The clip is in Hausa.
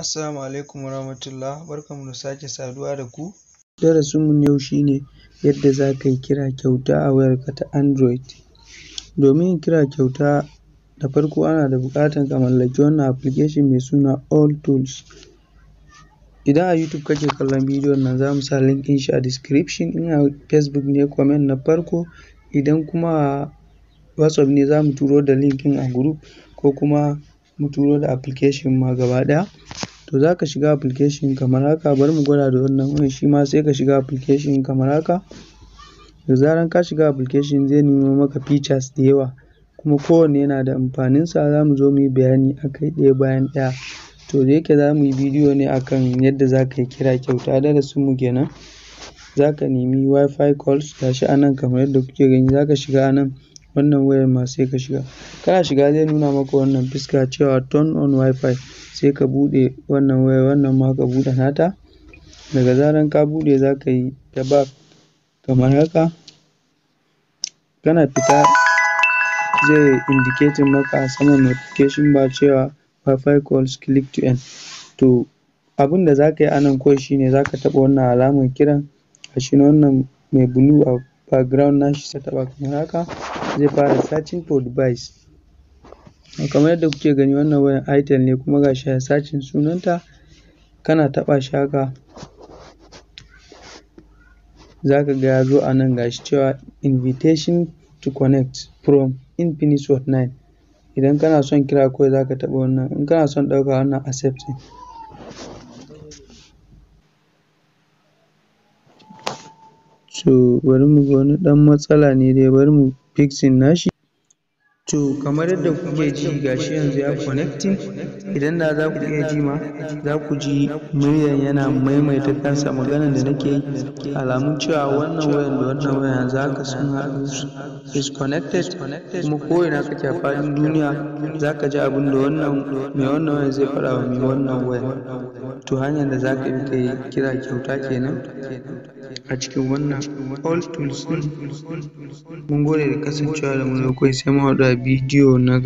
Assalamu alaikum warahmatullah mu da sake saduwa da ku darasinmu na yau shi ne yadda za ka kira kyauta a wayarka ta Android. Domin yin kira kyauta da farko ana da buƙatar ka mallaki wannan application mai suna all tools. Idan a YouTube kake kallon bidiyon nan za mu sa linkin shi a description in a Facebook ne comment na farko idan kuma a WhatsApp ne za mu turo da link ɗin a group ko kuma mu turo da application ma gaba ɗaya to za ka shiga application kamar haka bari mu gwada da wannan wani shi ma sai ka shiga application kamar haka da zaran ka shiga application zai nemo maka features da yawa kuma kowanne yana da sa za mu zo mu yi bayani a kai ɗaya bayan ɗaya to da yake za mu yi bidiyo ne akan yadda za ka yi kira kyauta mu kenan za ka nemi wifi calls gashi a nan kamar yadda kuke gani za ka shiga anan. nan wannan wayar ma sai ka shiga kana shiga zai nuna maka wannan fuska cewa turn on wifi sai ka buɗe wannan wayar wannan ma ka buɗe nata daga zaran ka buɗe za ka yi ta ba kamar haka kana fita zai indicating maka a saman notification bar cewa wifi calls click to end to abin da za ka yi a nan kawai shine za ka taɓa wannan alamar kiran gashi nan wannan mai blue a background nashi sai ka taɓa kamar haka zai fara searching for device kamar yadda kuke gani wannan wayan itel ne kuma ga shi searching sunanta kana taɓa shi haka za ga ya a nan gashi cewa invitation to connect from infinix 9 idan kana son kira kawai zaka taba taɓa wannan in kana son ɗauka wannan accept So bari mu ga wani ɗan matsala ne dai bari mu fixing nashi. to kamar yadda kuke ji gashi yanzu ya connecting idan da za ku iya ji ma za ku ji muryan yana maimaita kansa magana da nake yi alamun cewa wannan wayan da wannan wayan yanzu haka sun haɗu is connected kuma ko ina kake a faɗin duniya za ka ji abin da wannan mai wannan wayan zai faɗa wa mai wannan wayan to hanyar da za ka bi kai kira kyauta kenan a cikin wannan all tools mun gode da kasancewa da mu da sai mu haɗu a bidiyo